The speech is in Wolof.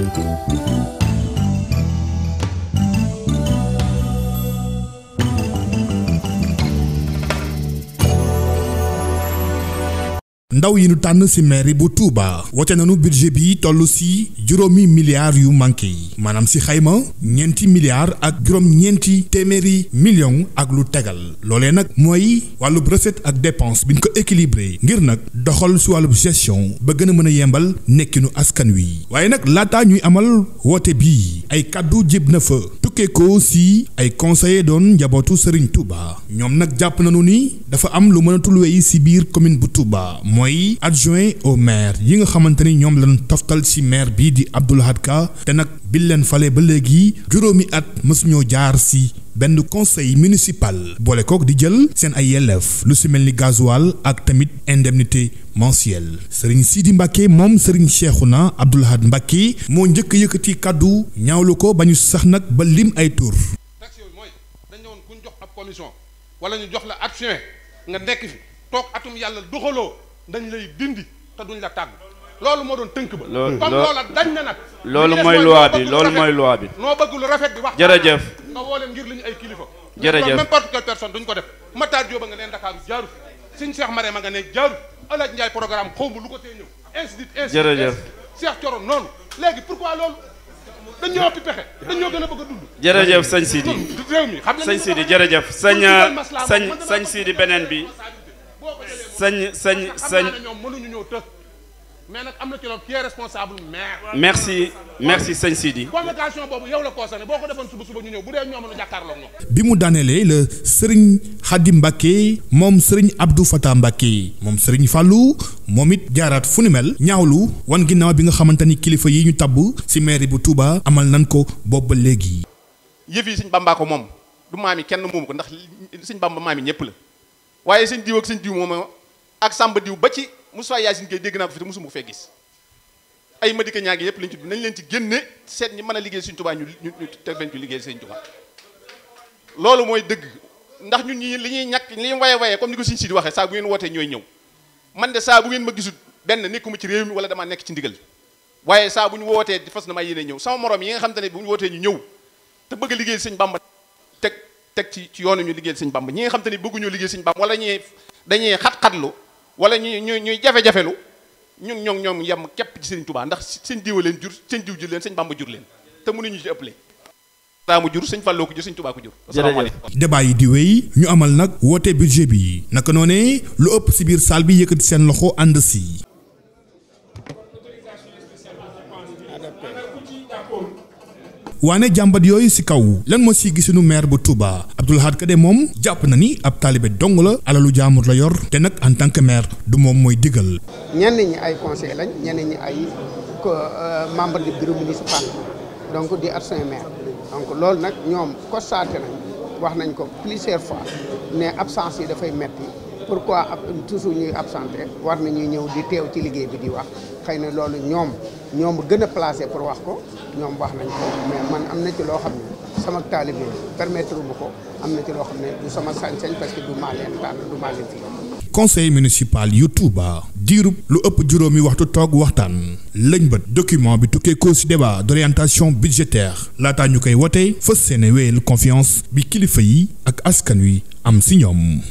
Thank you. ndaw yi nu tànn ci mairie bu Touba wote nanu budget bi toll ci juróomi milliards yu manqué yi maanaam ci xayma ñeenti milliards ak juróom ñeenti téeméeri millions ak lu tegal loolee nag mooy wàllub recette ak dépense bi ñu ko équilibré ngir nag doxal ci wàllub gestion ba gën a mën a yembal nekkinu askan wi waaye nag laata ñuy amal woote bii ay kàddu jib na fa tukkee si ay conseillers doon njabootu Serigne Touba ñoom nag jàpp nañu ni dafa am lu mënatul wey si biir commune bu Touba mooy adjoint au maire yi nga xamante ni ñoom lañ toftal si maire bii di Abdou Lahad te nag bi leen fale ba léegi juróomi at mësuñoo jaar si. benn conseil municipal boole kook di jël seen ay yelleef lu si mel ni gasoil ak tamit indemnité mensuelle Serigne Sidi Mbacke moom Serigne Cheikhouna Abdoul Ahad Mbacke moo njëkk a yëkkati kàddu ñaawlu ko ba ñu sax nag ba lim ay tur. tax yooyu mooy dañ ñu jox ab commission wala ñu jox la action nga nekk fi toog atum yàlla doxaloo dañ lay dindi te duñ la tàgg. loolu moo doon tënk ba. loolu comme loola dañ na nag. loolu mooy loi bi loolu mooy loi bi. noo bëgg rafet bi wax. ma woo leen ngir li ñu ay kilifa jërëjëf n'importe quelle personne duñ ko def Matar Diop a nga neen Dakar jaaru fi suñ Cheikh a nga ne jaaru Alaaji Ndiaye programme xaw ko tee ñëw institut institut jërëjëf Cheikh Thioro noonu léegi pourquoi loolu dañ ñoo ëpp pexe dañ ñoo gën a bëgg a dund jërëjëf sëñ Sidi réew mi xam sëñ Sidi jërëjëf sëñ sëñ sëñ Sidi beneen bi sëñ sëñ sëñ ñoom mënuñu ñëw të mais nag am na ci loolu qui est responsable maire. merci merci boobu yow la concerné boo ko defoon suba suba ñu ñëw bu dee ñoom la jàkkaarloo ñoom. bi mu daanelee la sëriñ Xadim Mbacke moom sëriñ Abdou Fatah Mbacke moom sëriñ Fallou moom it jaaraat fu ni mel ñaawlu wan ginnaaw bi nga xamante ni kilifa yi ñu tabb si maire bu Touba amal nan ko boobu ba léegi. yëf yi sëñ Bamba ko moom du maam yi kenn moomu ko ndax sëñ Bamba maam yi ñëpp la waaye sëñ diw ak sëñ diw moom ak sàmba diw ba ci. Moussa Yacine Gueye dégg naa ko fi te mosuma ko fee gis ay madika ñaa ngi yëpp lañ ci nañ leen ci génne seet ñi mën a liggéey Sëñ Tuubaa ñu ñu teg leen ci liggéey Sëñ mooy dëgg ndax ñun ñi li ñuy ñàkk li ñuy waye waye comme ni waxee saa bu ngeen wootee ñooy ñëw man de saa bu ngeen ma gisul benn nekkuma ci réew mi wala damaa nekk ci ndigal waaye saa bu ñu wootee fas na maa yéene ñëw sama moroom yi nga xam ne bu ñu wootee ñu ñëw te bëgg liggéey Sëñ Bàmba teg teg ci ci yoonu ñu liggéey Sëñ Bàmba ñi nga xam te ne bëgguñoo liggéey Sëñ Bàmba wala ñee dañee xat-xatlu wala ñuy ñuy ñuy jafe-jafelu ñun ñoom ñoom yem képp ci sëñ Tuubaa ndax sëñ diwa leen jur sëñ diw jur leen sëñ Bàmba jur leen te mënuñu ci ñu daa mu jur sëñ Fallou ko jur sëñ Tuubaa ko jur débat yi di wéy ñu amal nag woote budget bi naka noonee lu ëpp si biir salle bi yëkk di seen loxo ànd si waane jàmbat yooyu si kaw lan moo si gisinu maire bu Touba Abdoul Ahad Kade moom jàpp na ni ab taalibe dong la alalu jaamur la yor te nag en tant que maire du moom mooy digal. ñenn ñi ay conseil lañ ñenn ñi ay euh, membre du bureau municipal donc di adjoint maire donc loolu nag ñoom constaté nañ wax nañ ko plusieurs fois ne absence yi dafay metti pourquoi toujours ñuy absenté war nañuy ñëw di teew ci liggéey bi di wax xëy na loolu ñoom. ñoom gën a placé pour wax ko ñoom wax nañ ko mais man am na ci loo xam ne sama taalibe permettre ko am na ci loo xam ne du sama sañ-sañ parce du maa leen tànn conseil municipal yu Touba diirub lu ëpp juróomi waxtu toog waxtaan lañ bët document bi tukkee ko ci débat d'orientation budgétaire laataa ñu koy wote fës seen wéyal confiance bi kilifa yi ak askan wi am ci ñoom.